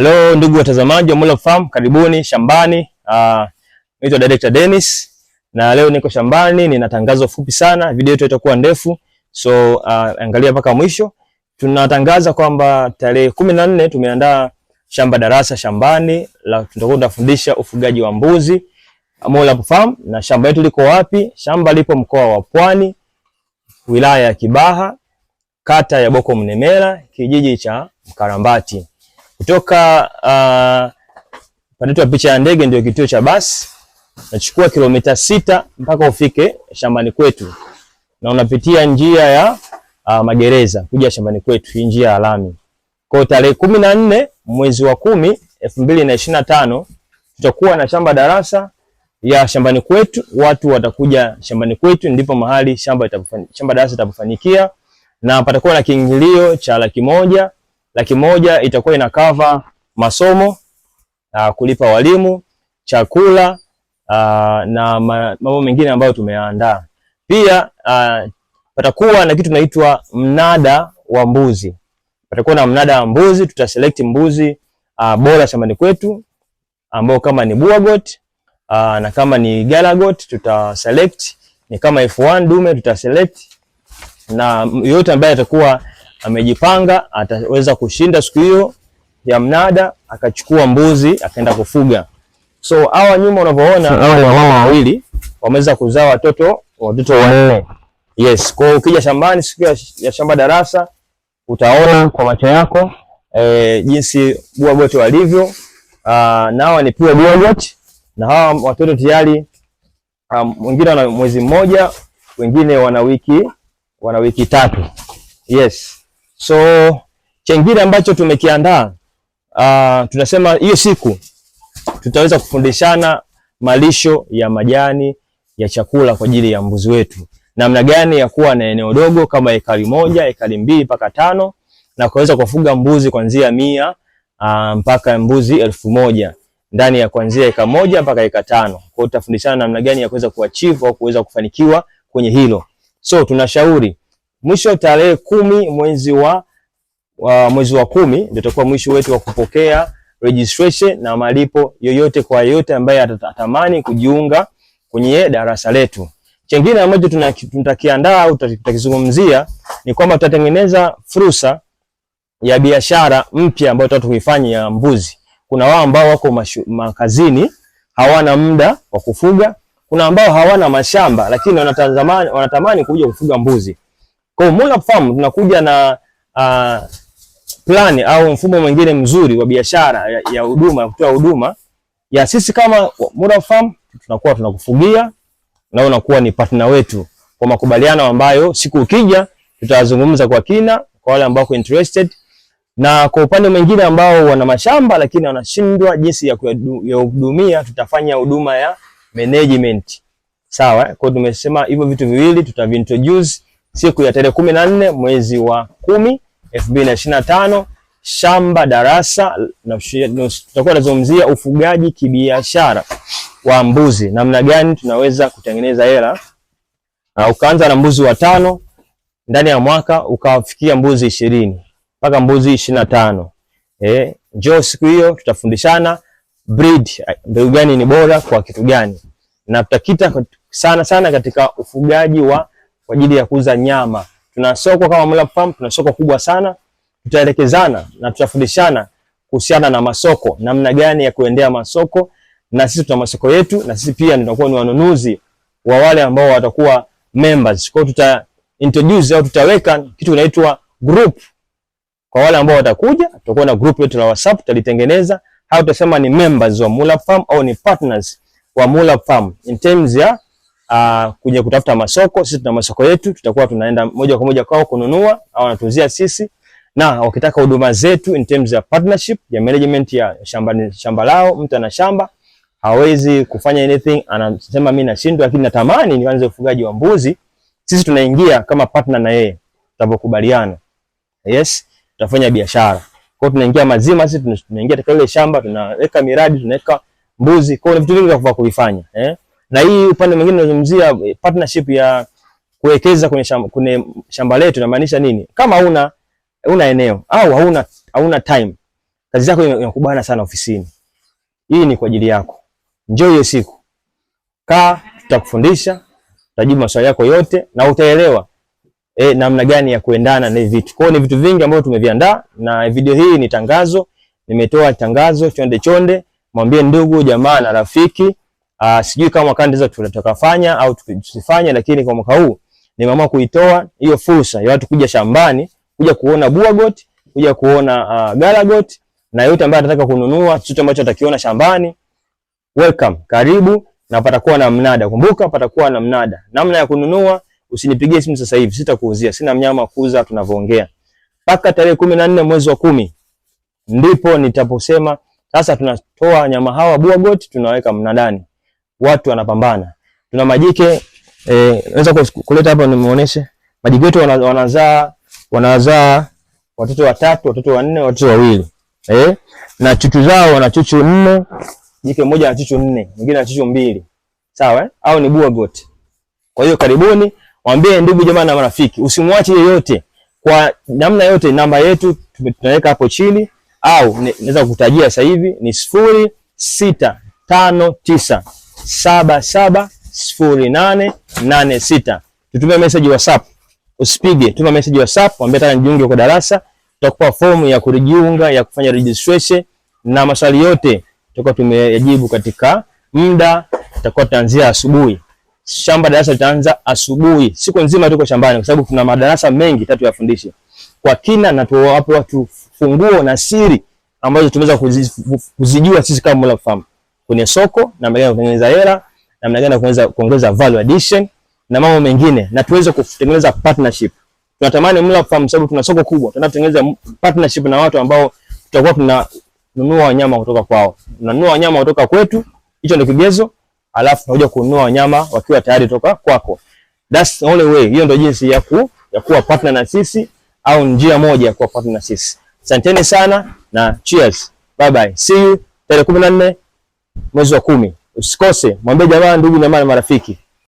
Halo ndugu watazamaji wa Mulap Farm, karibuni shambani. Uh, naitwa Director Dennis na leo niko shambani, nina tangazo fupi sana. Video yetu itakuwa ndefu, so uh, angalia mpaka mwisho. Tunatangaza kwamba tarehe kumi na nne tumeandaa shamba darasa shambani la tutakuwa tunafundisha ufugaji wa mbuzi Mulap Farm. Na shamba yetu liko wapi? Shamba lipo mkoa wa Pwani, wilaya ya Kibaha, kata ya Boko Mnemela, kijiji cha Mkarambati. Kutoka uh, panaitwa picha ya ndege ndio kituo cha basi, nachukua kilomita sita mpaka ufike shambani kwetu, na unapitia njia ya uh, magereza kuja shambani kwetu, hii njia ya lami. Kwa tarehe kumi na nne mwezi wa kumi elfu mbili na ishirini na tano tutakuwa na shamba darasa ya shambani kwetu. Watu watakuja shambani kwetu, ndipo mahali shamba, shamba darasa itapofanikia, na patakuwa na kiingilio cha laki moja laki moja itakuwa ina cover masomo uh, kulipa walimu, chakula uh, na mambo mengine ambayo tumeandaa. Pia aa, ah, patakuwa na kitu tunaitwa mnada wa mbuzi. Patakuwa na mnada wa mbuzi, tutaselect mbuzi uh, bora shambani kwetu ambao kama ni Buagot uh, na kama ni Galagot tutaselect, ni kama F1 dume tutaselect na yote ambayo atakuwa amejipanga ataweza kushinda siku hiyo ya mnada, akachukua mbuzi akaenda kufuga. So hawa nyuma unavyoona hawa ni mama wawili wameweza kuzaa watoto watoto wanne. Yes, kwa ukija shambani siku ya shamba darasa utaona kwa macho yako e, jinsi bua bote walivyo. Aa, ah, na hawa ni pure bua bote na hawa watoto tayari mwingine ah, um, wana mwezi mmoja, wengine wana wiki wana wiki tatu. Yes. So chengine ambacho tumekiandaa uh, tunasema hiyo siku tutaweza kufundishana malisho ya majani ya chakula kwa ajili ya mbuzi wetu, namna gani ya kuwa na eneo dogo kama ekari moja, ekari mbili mpaka tano na kuweza kufuga mbuzi kuanzia mia uh, mpaka mbuzi elfu moja ndani ya kuanzia eka moja mpaka eka tano. Kwa hiyo tutafundishana namna gani ya kuweza kuachieve au kuweza kufanikiwa kwenye hilo. So tunashauri mwisho tarehe kumi mwezi wa, wa, mwezi wa kumi ndio utakuwa mwisho wetu wa kupokea registration na malipo yoyote kwa yeyote ambaye atatamani kujiunga kwenye darasa letu. Chengine ambacho tutakiandaa au tutakizungumzia ni kwamba tutatengeneza fursa ya biashara mpya ambayo tutatu kuifanya ya mbuzi. Kuna wao ambao wako makazini hawana muda wa kufuga, kuna ambao hawana mashamba lakini wanatamani, wanatamani kuja kufuga mbuzi. Kwa hiyo Monarch Farm tunakuja na uh, plan au mfumo mwingine mzuri wa biashara ya huduma ya kutoa huduma ya sisi kama Monarch Farm tunakuwa tunakufugia na unakuwa ni partner wetu kwa makubaliano ambayo siku ukija tutazungumza kwa kina kwa wale ambao interested, na kwa upande mwingine ambao wana mashamba lakini wanashindwa jinsi ya kuhudumia, tutafanya huduma ya management. Sawa, kwa tumesema hivyo vitu viwili tutavintroduce siku ya tarehe kumi na nne mwezi wa kumi elfu mbili na ishirini na tano shamba darasa tutakuwa tunazungumzia ufugaji kibiashara wa mbuzi, namna gani tunaweza kutengeneza hela. Ukaanza na mbuzi watano ndani ya mwaka ukawafikia mbuzi ishirini mpaka mbuzi ishirini na tano eh, njoo siku hiyo tutafundishana breed, mbegu gani ni bora kwa kitu gani, na tutakita sana sana katika ufugaji wa kwa ajili ya kuuza nyama. Tuna soko kama Mulap Farm, tuna soko kubwa sana. Tutaelekezana na tutafundishana kuhusiana na masoko, namna gani ya kuendea masoko, na sisi tuna masoko yetu, na sisi pia tutakuwa ni wanunuzi wa wale ambao watakuwa members. Kwa tuta introduce au tutaweka kitu kinaitwa group kwa wale ambao watakuja. Tutakuwa na group yetu na WhatsApp, tutalitengeneza. Hao tutasema ni members wa Mulap Farm au ni partners wa Mulap Farm in terms ya uh, kuja kutafuta masoko. Sisi tuna masoko yetu, tutakuwa tunaenda moja kwa moja kwao kununua au wanatuzia sisi, na wakitaka huduma zetu in terms ya partnership ya management ya shamba, shamba lao. Mtu ana shamba hawezi kufanya anything, anasema mimi nashindwa, lakini natamani nianze ufugaji wa mbuzi. Sisi tunaingia kama partner na yeye, tutapokubaliana yes, tutafanya biashara kwa tunaingia mazima, sisi tunaingia katika ile shamba, tunaweka miradi, tunaweka mbuzi, kwa ni vitu vingi vya kuvifanya eh na hii upande mwingine unazungumzia eh, partnership ya kuwekeza kwenye shamba, kwenye shamba letu. Inamaanisha nini? Kama una una eneo au hauna hauna time, kazi zako inakubana sana ofisini, hii ni kwa ajili yako. Njoo hiyo siku, kaa, tutakufundisha, tutajibu maswali yako yote na utaelewa e, namna gani ya kuendana na vitu. Kwa hiyo ni vitu vingi ambavyo tumeviandaa, na video hii ni tangazo, nimetoa tangazo chonde chonde, mwambie ndugu jamaa na rafiki Uh, sijui kama mwakani ndizo tutakafanya au tusifanye, lakini kwa mwaka huu nimeamua kuitoa hiyo fursa ya watu kuja shambani kuja kuona buagot, kuja kuona uh, galagot na yote ambaye anataka kununua chochote ambacho atakiona shambani, welcome, karibu na patakuwa na mnada. Kumbuka patakuwa na mnada. Namna ya kununua, usinipigie simu sasa hivi, sitakuuzia, sina mnyama kuuza tunavyoongea. Paka tarehe kumi na nne mwezi wa kumi ndipo nitaposema sasa tunatoa nyama hawa buagot tunaweka mnadani watu wanapambana. Tuna majike eh, naweza kuleta hapa nimuoneshe. Majike wetu wanazaa wanazaa watoto watatu, watoto wanne, watoto wawili. Eh? Na chuchu zao wana chuchu nne. Jike mmoja ana chuchu nne, mwingine ana chuchu mbili. Sawa eh? Au ni bua gote. Kwa hiyo karibuni, mwambie ndugu jamaa na marafiki, usimwache yeyote kwa namna yote. Namba yetu tunaweka hapo chini au naweza kukutajia sasa hivi ni sifuri sita tano tisa saba saba sifuri nane nane sita. Tutume message WhatsApp, usipige, tuma message WhatsApp, mwambie nataka nijiunge kwa darasa, tutakupa fomu ya kujiunga ya kufanya registration na maswali yote tutakuwa tumeyajibu katika muda, tutakuwa tutaanzia asubuhi. Shamba darasa litaanza asubuhi, siku nzima tuko shambani, kwa sababu kuna madarasa mengi tatu yafundishe kwa kina na tuwape watu funguo na siri ambazo tumeweza kuzijua sisi kama Mulap Farm kwenye soko, namna gani kutengeneza hela, namna gani kuweza kuongeza value addition na mambo mengine, na tuweze kutengeneza partnership. Tunatamani Mlap Farm sababu tuna soko kubwa, tunataka kutengeneza partnership na watu ambao tutakuwa tunanunua wanyama kutoka kwao, tunanunua wanyama kutoka kwetu, hicho ndio kigezo, alafu tunakuja kununua wanyama wakiwa tayari kutoka kwako. That's the only way, hiyo ndio jinsi ya ku ya kuwa partner na sisi au njia moja ya kuwa partner na sisi. Asanteni sana na cheers. Bye bye. See you tarehe 14 mwezi wa kumi. Usikose, mwambie jamaa, ndugu na marafiki.